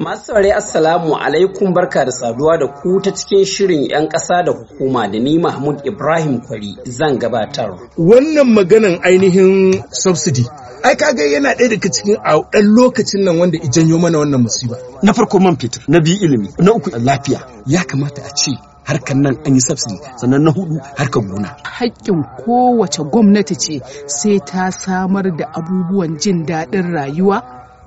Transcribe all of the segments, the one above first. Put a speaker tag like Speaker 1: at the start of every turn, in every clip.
Speaker 1: Masu saurari
Speaker 2: Assalamu alaikum barka da saduwa da ku ta cikin shirin 'yan ƙasa da hukuma da ni
Speaker 3: Mahmud Ibrahim Kwari zan gabatar. Wannan maganan ainihin subsidy ai kaga yana ɗaya daga cikin a ɗan lokacin nan wanda i janyo mana wannan musiba. Na farko man fetur, na biyu ilimi, na uku lafiya. Ya kamata a ce harkar nan an yi subsidy sannan
Speaker 1: na hudu harkar gona
Speaker 2: hakkin kowace gwamnati ce sai ta samar da abubuwan jin daɗin rayuwa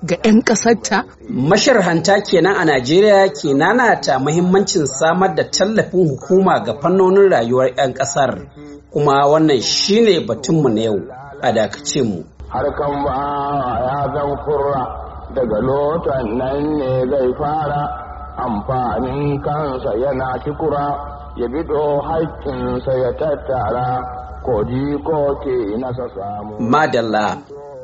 Speaker 2: ga 'yan ƙasarta? Masharhanta kenan a Najeriya ke nanata mahimmancin samar da tallafin hukuma ga fannonin rayuwar 'yan ƙasar, kuma wannan shine batunmu na yau a dakace mu.
Speaker 1: Harkan ba ya zan kurra daga lotan nan ne zai fara amfanin kansa yana kikura ya bido haƙƙinsa ya tattara ji ko ke nasa samu. Madalla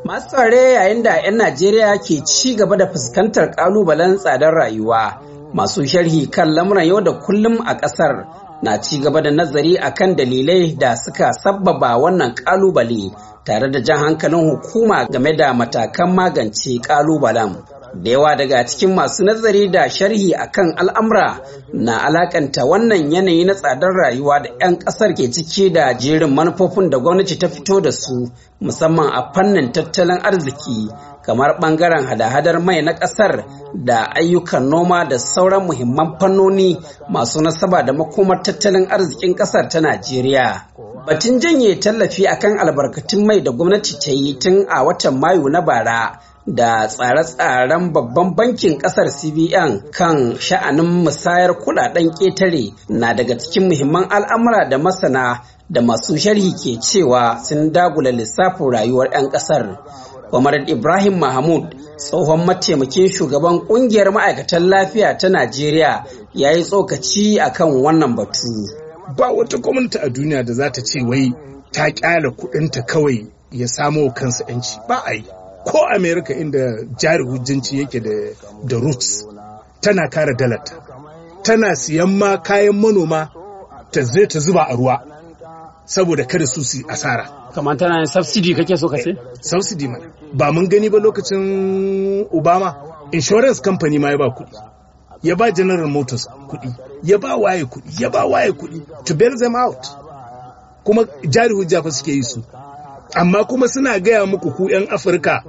Speaker 2: Masu tsare yayin da 'yan Najeriya ke ci gaba da fuskantar ƙalubalen tsadar rayuwa masu sharhi kan lamuran yau da kullum a ƙasar na ci gaba da nazari akan dalilai da suka sabbaba wannan ƙalubale tare da jan hankalin hukuma game da matakan magance ƙalubalen. Da yawa daga cikin masu nazari da sharhi akan al'amura na alakanta wannan yanayi na tsadar rayuwa da 'yan ƙasar ke ciki da jerin manufofin da gwamnati ta fito da su musamman a fannin tattalin arziki kamar ɓangaren hada-hadar mai na ƙasar da ayyukan noma da sauran muhimman fannoni masu nasaba da makomar tattalin arzikin ƙasar ta Najeriya. Batun janye tallafi akan albarkatun mai da gwamnati ta yi tun a watan Mayu na bara da tsare-tsaren babban bankin kasar CBN kan sha'anin musayar kudaden ƙetare na daga cikin muhimman al'amura da masana da masu sharhi ke cewa sun dagula lissafin rayuwar 'yan kasar. Kwamar Ibrahim Mahmud tsohon mataimakin shugaban kungiyar ma'aikatan lafiya ta Najeriya ya yi tsokaci a kan wannan batu. Ba wata
Speaker 3: gwamnati a duniya da za ta ce wai ta kyale kudinta kawai ya samo kansa 'yanci ba a yi. ko america inda jari hujjanci yake da roots tana kara dalata tana siyan ma kayan manoma ta zai ta zuba a ruwa saboda kada su su asara kamar tana yin subsidy kake so ka mana ba mun gani ba lokacin obama insurance company ma ya ba kuɗi ya ba general motors kuɗi ya ba waye kuɗi ya ba waye kuɗi to bail them out kuma jari hujja fa suke yi su amma kuma suna gaya muku ku 'yan afirka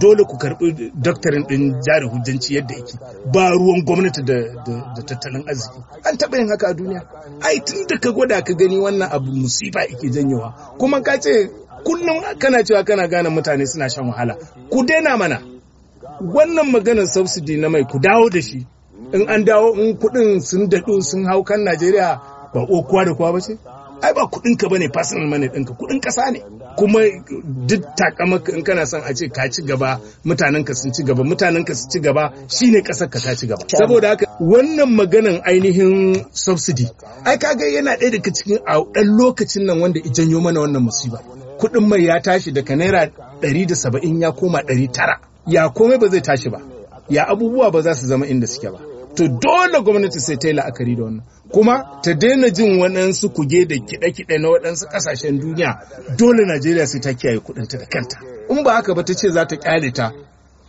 Speaker 3: dole ku karbi doktorin ɗin jari hujjanci yadda yake ba ruwan gwamnati da tattalin arziki an taɓa yin haka a duniya ai tun da ka gwada ka gani wannan abu musifa yake janyowa kuma ka ce kullum kana cewa kana gane mutane suna shan wahala ku daina mana wannan maganar subsidy na mai ku dawo da shi in an dawo in kuɗin sun daɗu sun hau kan najeriya ba kowa da kowa ba ce ai ba kuɗinka ba ne personal money ɗinka kuɗin ƙasa ne kuma duk takamaka in kana son a ce ka ci gaba mutanen ka sun ci gaba mutanen ka sun ci gaba shine kasar ka ta ci gaba saboda haka wannan maganan ainihin subsidy ai ka kaga yana ɗaya daga cikin a ɗan lokacin nan wanda i janyo mana wannan musiba kuɗin mai ya tashi daga naira ɗari da saba'in ya koma ɗari tara ya komai ba zai tashi ba ya abubuwa ba za su zama inda suke ba to dole gwamnati sai ta yi la'akari da wannan kuma ta daina jin waɗansu kuge da kiɗe-kiɗe na waɗansu ƙasashen duniya dole najeriya sai ta kiyaye kuɗinta da kanta in ba haka ba ta ce za ta ƙyale ta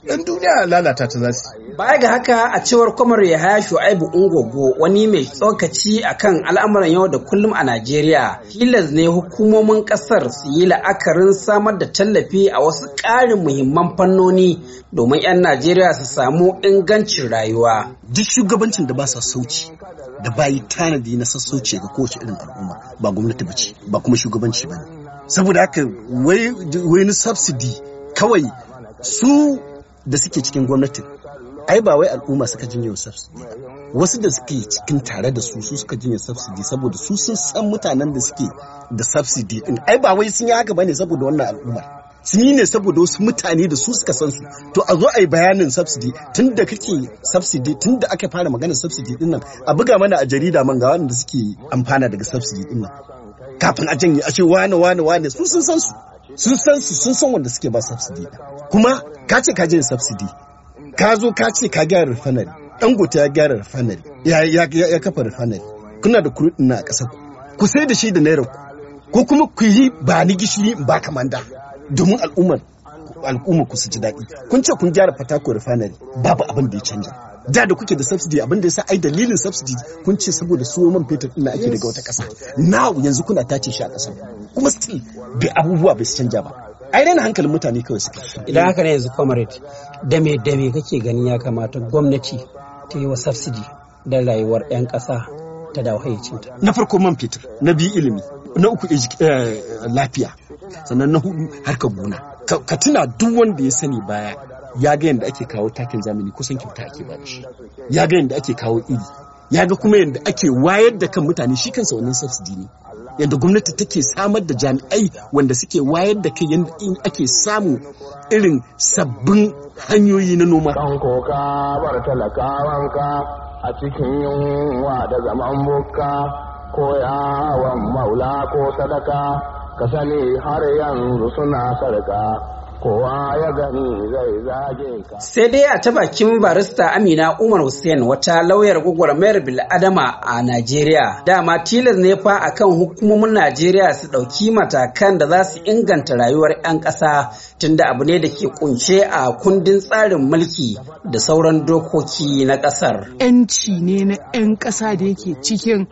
Speaker 3: Ɗan duniya lalata ta za baya ga haka a cewar
Speaker 2: kwamar ya haya shu'aibu ungogo wani mai tsokaci akan al'amuran yau da kullum a najeriya tilas ne hukumomin kasar su yi la'akarin samar da tallafi a wasu ƙarin muhimman fannoni domin 'yan najeriya su samu ingancin rayuwa
Speaker 1: duk shugabancin da ba sa sauci da bayi tanadi na sassauci ga kowace irin al'umma ba gwamnati ba ce ba kuma shugabanci ba ne saboda haka wani subsidy kawai su da suke cikin gwamnatin ai ba wai al'umma suka jinyar subsidy wasu da suke cikin tare da su su suka jinyar subsidy saboda su sun san mutanen da suke da subsidy din ai ba wai sun yi haka bane saboda wannan al'umma sun yi ne saboda wasu mutane da su suka san su to a zo a yi bayanin subsidy tun da kake subsidy tun da aka fara magana subsidy din nan a buga mana a jarida man ga wanda suke amfana daga subsidy din nan kafin a janye a ce wane wane wane su sun san su sun san su sun san wanda suke ba subsidy kuma ka ce ka je subsidy ka zo ka ce ka gyara refinery gote ya gyara refinery ya kafa refinery kuna da kurudin na a ƙasa ku sai da shi da naira ko kuma ku yi ba ni gishiri ba kamanda domin al'ummar al'ummar ku su ji daɗi kun ce kun gyara fatako refinery babu abin da ya canja da da kuke da subsidy abinda ya sa ai dalilin subsidy kun ce saboda suyo man fetur din ake daga wata kasa now yanzu kuna tace shi a kasa kuma still bai abubuwa bai canja ba ai rena hankalin mutane kawai
Speaker 2: suka idan haka ne yanzu comrade da me da me kake ganin ya kamata gwamnati ta yi wa subsidy da rayuwar 'yan kasa ta dawo hayyacinta.
Speaker 1: Na farko man fetur, na biyu ilimi, na uku eh, lafiya, sannan na hudu harkar gona. Ka tuna duk wanda ya sani baya ya ga yadda ake kawo takin zamani kusan kyauta ake ba shi ya ga yadda ake kawo iri ya ga kuma yadda ake wayar da kan mutane shi kansa wannan subsidy ne yadda gwamnati take samar da jami'ai wanda suke wayar da kai yadda ake samu
Speaker 3: irin sabbin
Speaker 1: hanyoyi na noma a cikin yunwa da zaman bukka ko yawon maula ko sadaka ka sani har yanzu suna sarka
Speaker 2: Sai dai a ta bakin barista Amina Umar Hussein wata lauyar gwagwarmayar bil'adama a Najeriya. Dama tilas ne fa akan hukumomin Najeriya su ɗauki matakan da za su inganta rayuwar 'yan ƙasa tunda abu ne da ke kunshe a kundin tsarin mulki da sauran dokoki na ƙasar. 'Yanci ne na 'yan ƙasa da yake cikin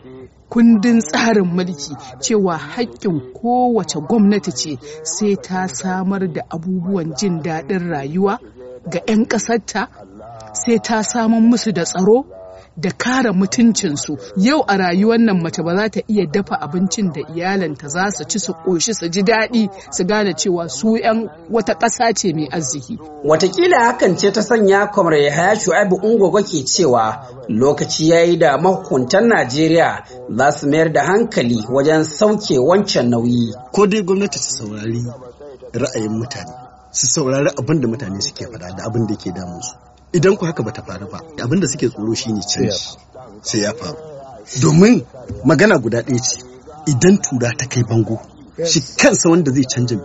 Speaker 2: kundin tsarin mulki cewa haƙƙin kowace gwamnati ce sai ta samar da abubuwan jin daɗin rayuwa ga 'yan ƙasarta sai ta samun musu da tsaro da kare mutuncinsu yau a rayuwar nan mace ba za ta iya dafa abincin da iyalanta za su ci su ƙoshi su ji daɗi su gane cewa su 'yan wata ƙasa ce mai arziki. Watakila hakan ce ta sanya kwamre haya Shu'aibu Ungogo ke cewa lokaci ya yi da mahukuntan Najeriya za su mayar da hankali wajen
Speaker 1: sauke wancan nauyi. Ko dai gwamnati su saurari ra'ayin mutane, su saurari abin da mutane suke faɗa da abin da ke su. idan ku haka bata faru ba abinda suke tsoro shine canji sai ya faru domin magana guda ɗaya ce idan tura ta kai bango shi kansa wanda zai canja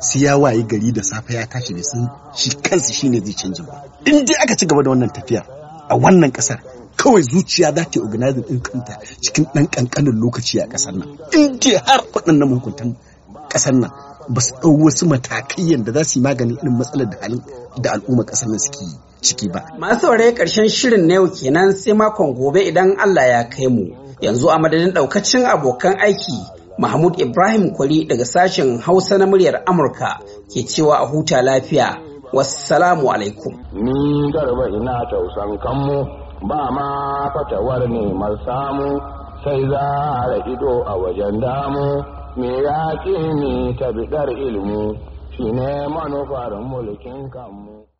Speaker 1: sai ya waye gari da safe ya tashi bai sun shi kansa shine zai canja ba in aka ci gaba da wannan tafiya a wannan kasar kawai zuciya za ta organizing din kanta cikin ɗan kankanin lokaci a ƙasar nan in dai har waɗannan mahukuntan ƙasar nan ba su ɗau wasu matakai yadda za su yi maganin irin matsalar da al'umma ƙasar nan suke yi ciki ba.
Speaker 2: Masu saurare ƙarshen shirin na yau kenan sai makon gobe idan Allah ya kai mu. Yanzu a madadin ɗaukacin abokan aiki Mahmud Ibrahim Kwari daga sashen Hausa na muryar Amurka ke cewa a huta lafiya. Wassalamu alaikum.
Speaker 1: Ni garba ina tausan kanmu ba ma fatawar neman samu sai za a ido a wajen damu
Speaker 3: me ya ce ni tabidar ilmu shi ne manufar mulkin kanmu.